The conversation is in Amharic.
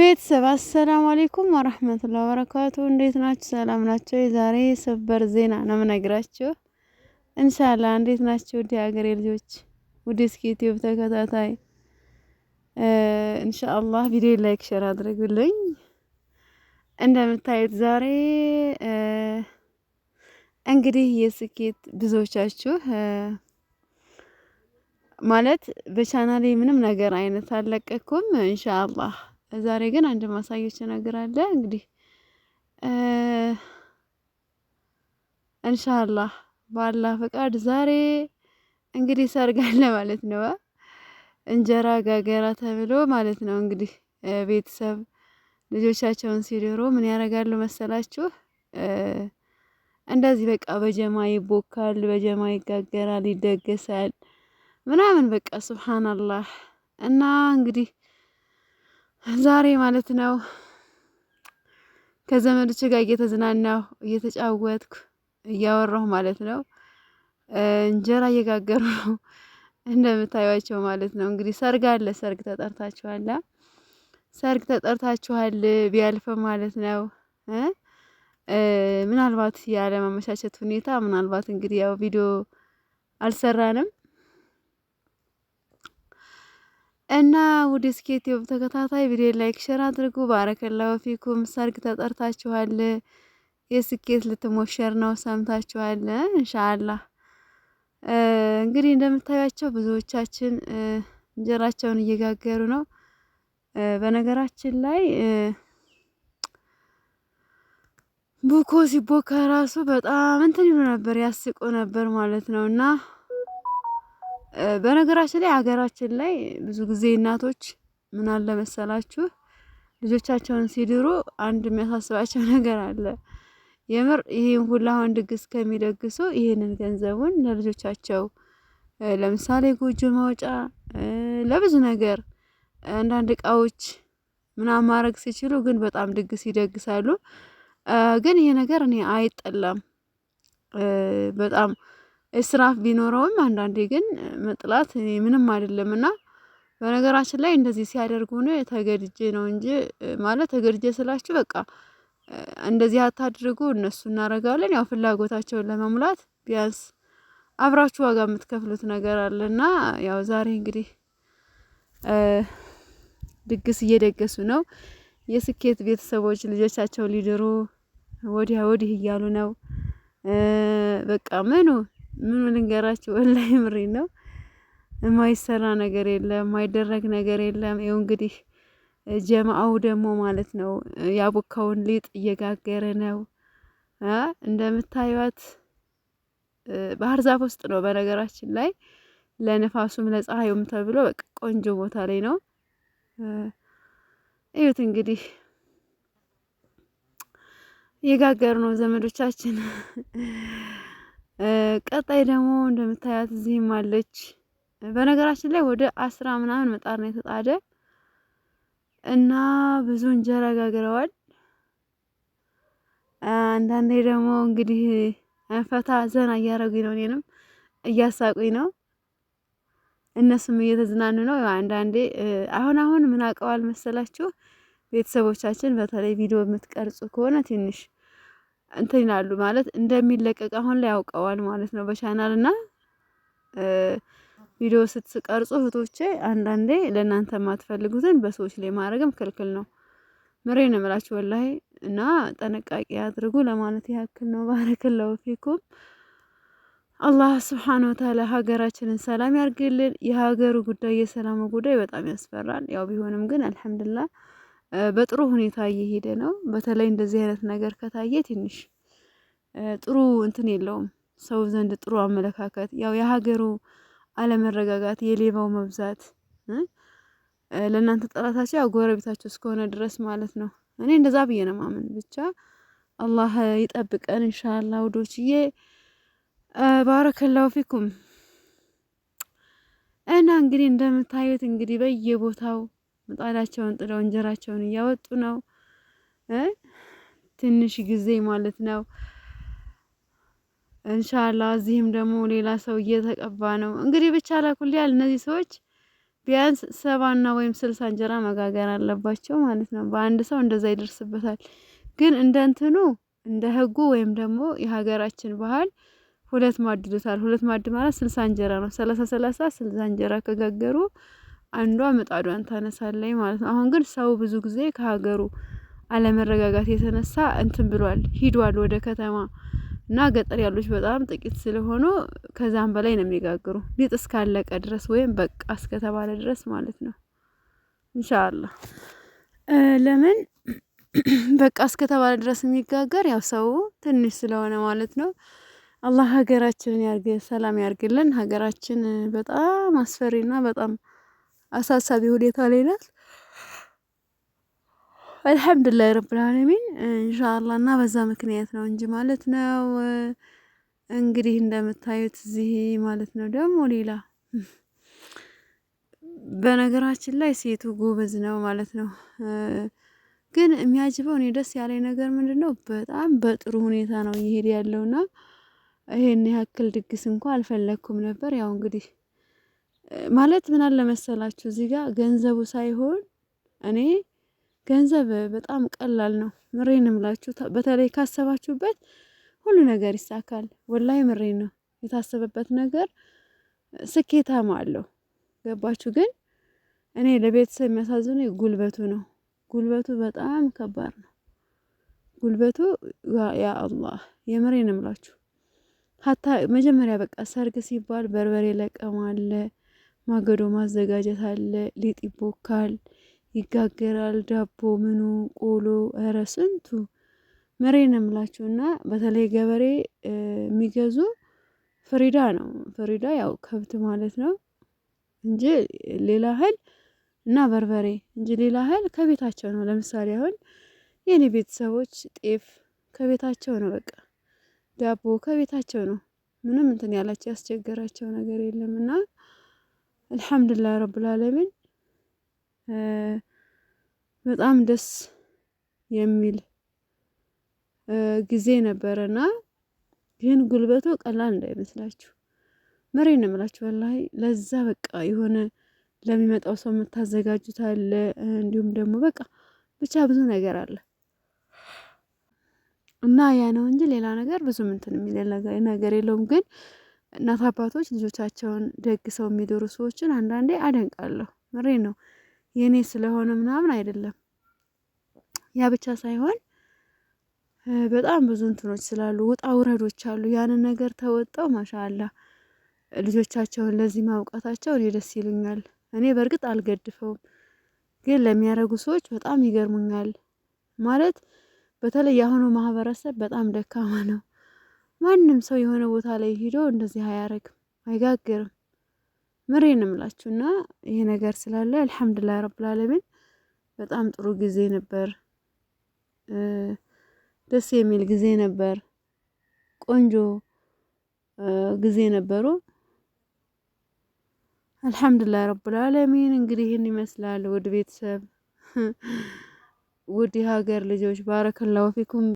ቤተሰብ አሰላሙ አሌይኩም ወረህመቱላ ወበረካቱ። እንዴት ናችሁ? ሰላም ናቸው። የዛሬ ሰበር ዜና ነው የምነግራችሁ እንሻላ። እንዴት ናቸው ውድ ሀገሬ ልጆች፣ ውድ እስኪ ዩቲዩብ ተከታታይ እንሻአላ ቪዲዮ ላይክ፣ ሸር አድርጉልኝ። እንደምታዩት ዛሬ እንግዲህ የስኬት ብዙዎቻችሁ ማለት በቻናሌ ምንም ነገር አይነት አለቀኩም እንሻአላህ ዛሬ ግን አንድ ማሳየች ነግራለ እንግዲህ እንሻላህ ባላ ፈቃድ ዛሬ እንግዲህ ሰርጋለ ማለት ነው። እንጀራ ጋገራ ተብሎ ማለት ነው። እንግዲህ ቤተሰብ ልጆቻቸውን ሲድሩ ምን ያደርጋሉ መሰላችሁ? እንደዚህ በቃ በጀማ ይቦካል፣ በጀማ ይጋገራል፣ ይደገሳል ምናምን በቃ ሱብሃናላህ እና እንግዲህ ዛሬ ማለት ነው ከዘመዶች ጋር እየተዝናናሁ እየተጫወትኩ እያወራሁ ማለት ነው እንጀራ እየጋገሩ ነው እንደምታዩቸው ማለት ነው። እንግዲህ ሰርግ አለ፣ ሰርግ ተጠርታችኋል፣ ሰርግ ተጠርታችኋል ቢያልፈ ማለት ነው። ምናልባት ማመቻቸት ሁኔታ ምናልባት እንግዲህ ያው ቪዲዮ አልሰራንም እና ውድ ስኬትዩብ ተከታታይ ቪዲዮ ላይክ ሸር አድርጉ። ባረከላሁ ፊኩም ሰርግ ተጠርታችኋል። የስኬት ልትሞሸር ነው ሰምታችኋል። ኢንሻአላህ እንግዲህ እንደምታዩቸው ብዙዎቻችን እንጀራቸውን እየጋገሩ ነው። በነገራችን ላይ ቡኮ ሲቦካ ራሱ በጣም እንትን ይሉ ነበር፣ ያስቁ ነበር ማለት ነው እና በነገራችን ላይ ሀገራችን ላይ ብዙ ጊዜ እናቶች ምን አለ መሰላችሁ ልጆቻቸውን ሲድሩ አንድ የሚያሳስባቸው ነገር አለ። የምር ይህን ሁላ አሁን ድግስ ከሚደግሱ ይህንን ገንዘቡን ለልጆቻቸው ለምሳሌ ጎጆ ማውጫ፣ ለብዙ ነገር አንዳንድ እቃዎች ምናምን ማድረግ ሲችሉ ግን በጣም ድግስ ይደግሳሉ። ግን ይሄ ነገር እኔ አይጠላም በጣም እስራፍ ቢኖረውም አንዳንዴ ግን መጥላት ምንም አይደለም እና በነገራችን ላይ እንደዚህ ሲያደርጉ ነው ተገድጄ ነው እንጂ ማለት ተገድጄ ስላችሁ በቃ እንደዚህ አታድርጉ፣ እነሱ እናደርጋለን ያው ፍላጎታቸውን ለመሙላት ቢያንስ አብራችሁ ዋጋ የምትከፍሉት ነገር አለና ያው ዛሬ እንግዲህ ድግስ እየደገሱ ነው። የስኬት ቤተሰቦች ልጆቻቸው ሊድሩ ወዲያ ወዲህ እያሉ ነው። በቃ ምኑ ምን ልንገራችሁ፣ ወላሂ ምሪ ነው። የማይሰራ ነገር የለም፣ የማይደረግ ነገር የለም። ይኸው እንግዲህ ጀማአው ደግሞ ማለት ነው ያቦካውን ሊጥ እየጋገረ ነው። እንደምታዩት ባህር ዛፍ ውስጥ ነው በነገራችን ላይ ለነፋሱም ለፀሐዩም ተብሎ በቃ ቆንጆ ቦታ ላይ ነው። እዩት እንግዲህ እየጋገሩ ነው ዘመዶቻችን ቀጣይ ደግሞ እንደምታያት እዚህም አለች። በነገራችን ላይ ወደ አስራ ምናምን መጣር ነው የተጣደ እና ብዙ እንጀራ ጋግረዋል። አንዳንዴ ደግሞ እንግዲህ ፈታ ዘና እያረጉ ነው፣ እኔንም እያሳቁኝ ነው፣ እነሱም እየተዝናኑ ነው። አንዳንዴ አሁን አሁን ምን አውቀዋል መሰላችሁ ቤተሰቦቻችን፣ በተለይ ቪዲዮ የምትቀርጹ ከሆነ ትንሽ እንትን ይላሉ ማለት እንደሚለቀቅ አሁን ላይ ያውቀዋል ማለት ነው በቻናል እና ቪዲዮ ስትቀርጹ እህቶቼ አንዳንዴ ለእናንተ የማትፈልጉትን በሰዎች ላይ ማድረግም ክልክል ነው። ምሬ ነው የምላችሁ ወላሂ። እና ጥንቃቄ አድርጉ ለማለት ያክል ነው። ባረከላሁ ፊኩም። አላህ ስብሓን ወተዓላ ሀገራችንን ሰላም ያርግልን። የሀገሩ ጉዳይ የሰላሙ ጉዳይ በጣም ያስፈራል። ያው ቢሆንም ግን አልሐምዱሊላህ በጥሩ ሁኔታ እየሄደ ነው። በተለይ እንደዚህ አይነት ነገር ከታየ ትንሽ ጥሩ እንትን የለውም ሰው ዘንድ ጥሩ አመለካከት ያው የሀገሩ አለመረጋጋት፣ የሌባው መብዛት ለእናንተ ጠላታቸው ያው ጎረቤታቸው እስከሆነ ድረስ ማለት ነው። እኔ እንደዛ ብዬ ነው ማምን። ብቻ አላህ ይጠብቀን እንሻላ ውዶችዬ። ባረከላሁ ፊኩም እና እንግዲህ እንደምታዩት እንግዲህ በየቦታው ምጣዳቸውን ጥለው እንጀራቸውን እያወጡ ነው። ትንሽ ጊዜ ማለት ነው። እንሻላ እዚህም ደግሞ ሌላ ሰው እየተቀባ ነው። እንግዲህ ብቻ ላኩል ያል እነዚህ ሰዎች ቢያንስ ሰባና ወይም ስልሳ እንጀራ መጋገር አለባቸው ማለት ነው። በአንድ ሰው እንደዛ ይደርስበታል። ግን እንደ እንትኑ እንደ ህጉ ወይም ደግሞ የሀገራችን ባህል ሁለት ማድ ይሉታል። ሁለት ማድ ማለት ስልሳ እንጀራ ነው። ሰላሳ ሰላሳ ስልሳ እንጀራ ከጋገሩ አንዷ ምጣዷን ታነሳለኝ ማለት ነው። አሁን ግን ሰው ብዙ ጊዜ ከሀገሩ አለመረጋጋት የተነሳ እንትን ብሏል ሂዷል ወደ ከተማ እና ገጠር ያሉች በጣም ጥቂት ስለሆኑ ከዛም በላይ ነው የሚጋግሩ ሊጥ እስካለቀ ድረስ ወይም በቃ እስከተባለ ድረስ ማለት ነው። ኢንሻአላህ ለምን በቃ እስከተባለ ድረስ የሚጋገር ያው ሰው ትንሽ ስለሆነ ማለት ነው። አላህ ሀገራችንን ያርግ ሰላም ያርግልን። ሀገራችን በጣም አስፈሪና በጣም አሳሳቢ ሁኔታ ላይ ናት። አልሐምዱሊላህ ረብልዓለሚን ኢንሻአላህ እና በዛ ምክንያት ነው እንጂ ማለት ነው። እንግዲህ እንደምታዩት እዚህ ማለት ነው ደግሞ ሌላ በነገራችን ላይ ሴቱ ጎበዝ ነው ማለት ነው። ግን የሚያጅበው እኔ ደስ ያለኝ ነገር ምንድን ነው፣ በጣም በጥሩ ሁኔታ ነው እየሄደ ያለውና ይሄን ያክል ድግስ እንኳን አልፈለግኩም ነበር ያው እንግዲህ ማለት ምን አለ መሰላችሁ እዚህ ጋር ገንዘቡ ሳይሆን እኔ ገንዘብ በጣም ቀላል ነው። ምሬን እምላችሁ በተለይ ካሰባችሁበት ሁሉ ነገር ይሳካል። ወላይ ምሬን ነው። የታሰበበት ነገር ስኬታማ አለው። ገባችሁ? ግን እኔ ለቤተሰብ የሚያሳዝነ ጉልበቱ ነው። ጉልበቱ በጣም ከባድ ነው። ጉልበቱ ያ አላህ የምሬን እምላችሁ ሀታ መጀመሪያ በቃ ሰርግ ሲባል በርበሬ ለቀማለ ማገዶ ማዘጋጀት አለ፣ ሊጥ ይቦካል፣ ይጋገራል፣ ዳቦ ምኑ ቆሎ፣ እረ ስንቱ መሬ ነው የምላችሁ። እና በተለይ ገበሬ የሚገዙ ፍሪዳ ነው። ፍሪዳ ያው ከብት ማለት ነው እንጂ ሌላ እህል እና በርበሬ እንጂ ሌላ እህል ከቤታቸው ነው። ለምሳሌ አሁን የኔ ቤተሰቦች ጤፍ ከቤታቸው ነው፣ በቃ ዳቦ ከቤታቸው ነው። ምንም እንትን ያላቸው ያስቸገራቸው ነገር የለም እና አልሐምዱሊላህ ረብል በጣም ደስ የሚል ጊዜ ነበረና ይህን ጉልበቱ ቀላል እንዳይመስላችሁ መሬ ነው የምላችሁ። ወላሂ ለዛ በቃ የሆነ ለሚመጣው ሰው የምታዘጋጁት አለ። እንዲሁም ደግሞ በቃ ብቻ ብዙ ነገር አለ እና ያ ነው እንጂ ሌላ ነገር ብዙ ምንትን የሚል ነገር የለውም ግን እናት አባቶች ልጆቻቸውን ደግ ሰው የሚድሩ ሰዎችን አንዳንዴ አደንቃለሁ። ምሬ ነው የእኔ ስለሆነ ምናምን አይደለም። ያ ብቻ ሳይሆን በጣም ብዙ እንትኖች ስላሉ ውጣ ውረዶች አሉ። ያንን ነገር ተወጠው ማሻላ ልጆቻቸውን ለዚህ ማብቃታቸው እኔ ደስ ይሉኛል። እኔ በእርግጥ አልገድፈውም፣ ግን ለሚያደርጉ ሰዎች በጣም ይገርሙኛል። ማለት በተለይ የአሁኑ ማህበረሰብ በጣም ደካማ ነው። ማንም ሰው የሆነ ቦታ ላይ ሂዶ እንደዚህ አያረግም፣ አይጋግርም። ምሬን እምላችሁ እና ይሄ ነገር ስላለ አልሐምዱሊላህ ረብል በጣም ጥሩ ጊዜ ነበር። ደስ የሚል ጊዜ ነበር። ቆንጆ ጊዜ ነበሩ። አልሐምዱሊላህ ረብል አለሚን እንግዲህ ይህን ይመስላል። ውድ ቤተሰብ፣ ውድ የሀገር ልጆች ባረከላሁ ፊኩም